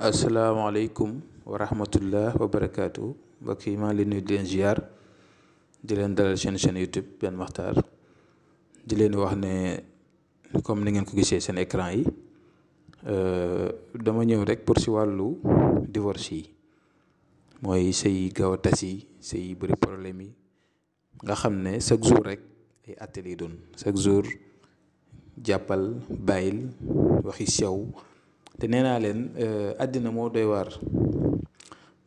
Assalamualaikum warahmatullahi wabarakatuh. wa barakaatu mbokk yi di ziar di leen dalal sen chaîne YouTube Ben Makhtar di leen wax ne comme ni ngeen ko gisee seen yi dama rek pour divorce yi mooy sëy gawa tasi tas yi sëy bëri problème yi nga xam chaque jour rek ay atelier doon chaque jour waxi te nee naa leen euh, àddina moo doy waar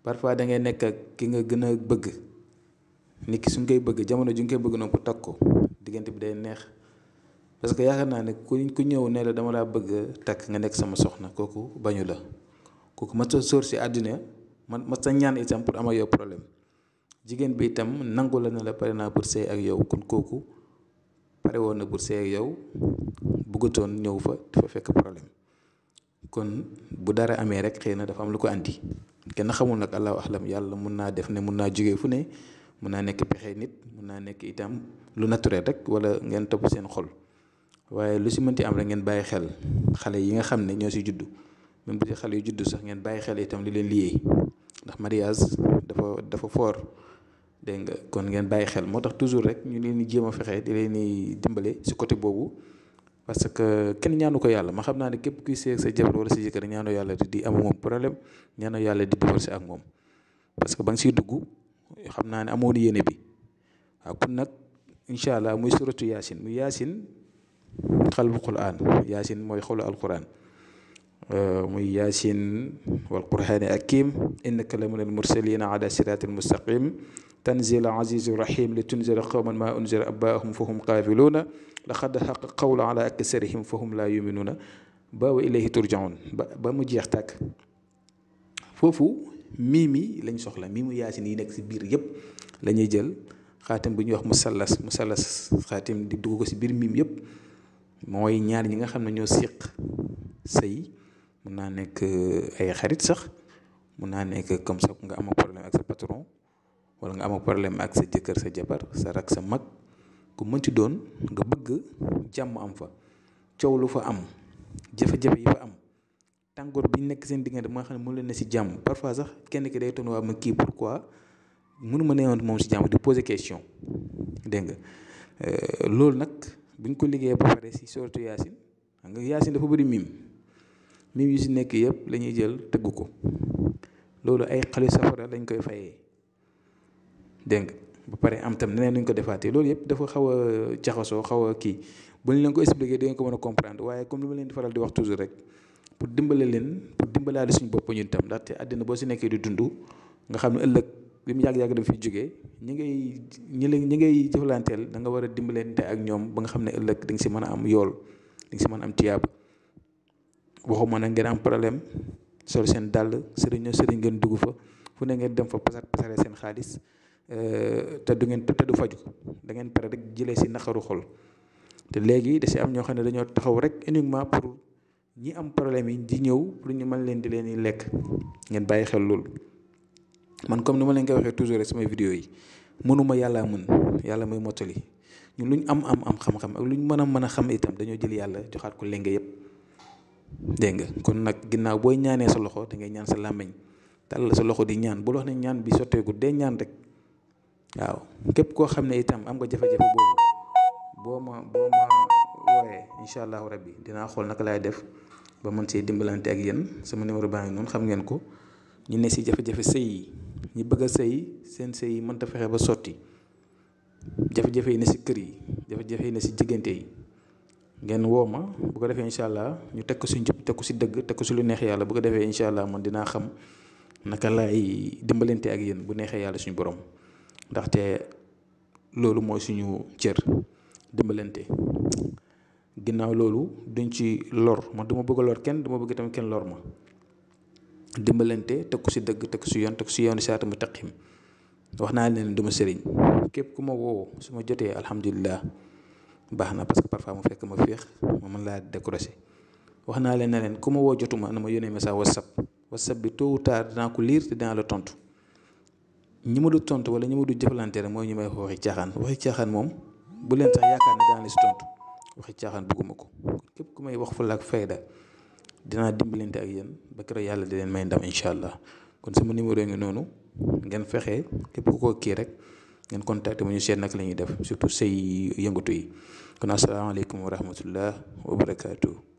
parfois da ngay nekk ak ki nga gën a bëgg nit ki suñ koy bëgg jamono ju nga koy bëgg noonu ko takk ko diggante bi day neex parce que yaakaar naa ne ku ku ñëw nee la dama laa bëgg takk nga nekk sama soxna kooku bañu la kooku ma sa sóor si àddina man ma sa ñaan itam pour am ak yow problème jigéen bi itam nangu la ne la pare naa pour sëy ak yow kon kooku pare woon na pour sëy ak yow bëggatoon ñëw fa dafa fekk problème. kon bu dara amé rek xeyna na dafa am lu ko andi kenn xamul nak allah ahlam yalla mën na def ne mën na jógee fu ne mën na nek pexé nit mën na nek itam lu naturel rek wala ngeen top sen xol waaye lu si mënti am rek ngeen bàyyi xel xalé yi nga xamné ne ñoo si juddu même bu ci xalé yu juddu sax ngeen bàyyi xel itam li leen liyee ndax mariage dafa dafa fort deng kon ngeen bàyyi xel motax toujours rek ñu leen ni jéem fexé di leen ni dimbalé ci côté bobu parce que kenn ñaanu ko yàlla ma xam naa ne képp ku seeg sa jabar wala sa jëkkër ñaanu yàlla di di am moom problème ñaanu yàlla di divorcé ak moom parce que ba nga siy dugg xam naa ne amoon yéene bi waaw kon nag incha allah muy suratu yaasin muy yaasin xalbu quran yaasin mooy xolu alquran euh, muy yaasin wal qurani hakim innaka la minal mursalina ala siratin mustaqim تنزيل عزيز رحيم لتنزل قوما ما أنزل أباهم فهم قافلون لقد حق قول على أكثرهم فهم لا يؤمنون باو إليه ترجعون با مجيختك فوفو ميمي لن سخلا ميمي ياسين ينك سبير يب لن يجل خاتم بني وخ مسلس مسلس خاتم دي دوغو سبير ميم يب موي نيار نيغا خامنا نيو سيق سي مونا نيك آه، اي خريت سخ مونا نيك كم سوك نغا امو بروبليم اك سا باترون wala nga am problème ak sa jëkkër sa jabar sa rak sa mag ku mën ci doon nga bëgg jàmm am fa coow lu fa am jafe-jafe yi fa am tàngoor bi nekk seen diggante ba nga xam ne mënu leen ne si jàmm parfois sax kenn ki day toon waa ma kii pourquoi mënu ma neewoon moom si jàmm di poser question dégg nga euh, loolu nag buñ ko liggéeyee ba pare si sortu yaasin xam nga yaasin dafa bëri mim mim yu si nekk yëpp lañuy ñuy jël tëgg ko loolu ay xale safara lañ koy fayee dégg nga ba pare am tam neneen ñu ko defaatee loolu yëpp dafa xaw a jaxasoo xaw a kii bu ñu leen ko expliquer da ngeen ko mën a comprendre waaye comme li ma leen fa faral di wax toujours pour dimbale leen pour suñu bopp ñun tam àddina boo si di dund nga xam ne ëllëg bi mu yàgg-yàgg dama fi jógee ñi ngay ñi la ñi ngay jëflanteel da war a dimbalante ak ñoom ba nga xam ne ëllëg di si mën a am yool di nga si mën am tiyaab waxuma nag ngeen am problème sol seen dàll sëriñ sëriñ ngeen dugg fa fu ne ngeen dem fa pasar pasare seen xaalis Euh, te du ngeen te du faju da ngeen pare rek jëlee si naqaru xol te léegi da si am ñoo xam ne dañoo taxaw rek uniquement pour ñi am problème yi di ñëw pour ñu mën leen di leen lekk ngeen bàyyi xel loolu man comme ni ma leen koy waxee toujours rek sama vidéo yi mënuma yàlla mën yàlla mooy mottali ñun luñ am am am xam-xam ak luñ mën a mën a xam itam dañoo jël yàlla joxaat ko lenge yépp dégg nga kon nag ginnaaw booy ñaanee sa loxo da ngay ñaan sa làmmiñ tàllal sa loxo di ñaan bu wax ne ñaan bi dee ñaan rek waaw képp koo xam ne itam am nga jafe-jafe boobu boo ma boo ma wooyee incha allahu rabbi dinaa xool naka laay def ba mën see dimbalante ak yéen sama numéro baa ngi noonu xam ngeen ko ñu ne si jafe-jafe sëy yi ñu bëgg a sëy seen sëy yi mënta fexe ba sotti jafe-jafe yi ne si kër yi jafe-jafe yi ne si diggante yi ngeen woo ma bu ko defee incha allah ñu teg ko si njub teg ko si dëgg teg ko si lu neex yàlla bu ko defee incha allah man dinaa xam naka laay dimbalante ak yéen bu neexee yàlla suñu borom. ndaxte loolu mooy suñu cër dimbalante ginnaaw loolu duñ ci lor man duma bëgg a lor kenn duma bëgg tamit kenn lor ma dimbalante teg ko si dëgg teg si yoon teg si yoonu saata mu taqim wax naa leen duma sëriñ képp ku ma woo su ma jotee alhamdulilah baax na parce que parfois mu fekk ma féex ma mën laa décrocher wax naa leen na leen ku ma woo jotuma na ma yónnee message whatsapp whatsapp bi tôt ou tard dinaa ko lire te dinaa la tontu. ñi ma du tontu wala ñi ma du jëflante rek mooy ñu may wax waxi caaxaan waxi caaxaan moom bu leen sax yaakaar ne daan si tontu waxi caaxaan bëgguma ko képp ku may wax fulla ak fayda dinaa dimbalante ak yéen ba keroog yàlla di leen may ndam incha allah kon sama numéro ngi noonu ngeen fexe képp ku ko kii rek ngeen contacté mu ñu seet nag la ñuy def surtout say yëngatu yi kon asalaamaaleykum wa rahmatullah wa barakaatu.